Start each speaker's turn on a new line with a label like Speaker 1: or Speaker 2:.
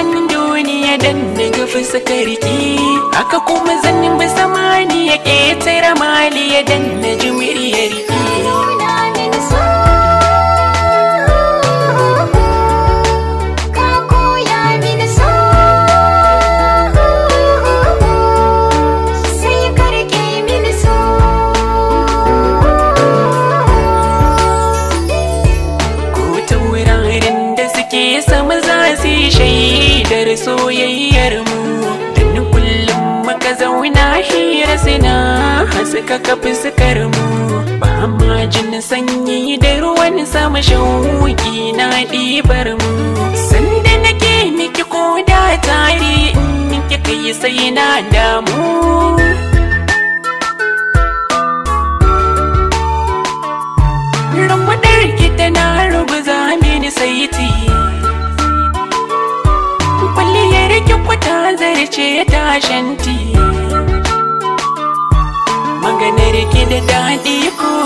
Speaker 1: zan duniya dan na gafi sakarki aka kuma zan ya ke. soyayyar mu Tani kullum muka zauna hira sina Haska ka sukar mu Ba ma jin sanyi da ruwan sama shauki na ɗibar mu Sanda nake miki koda tari in miki kai sai na damu Rambaɗar ki na rubuza mini saiti ce tashanti maganar rikin da daɗi
Speaker 2: ko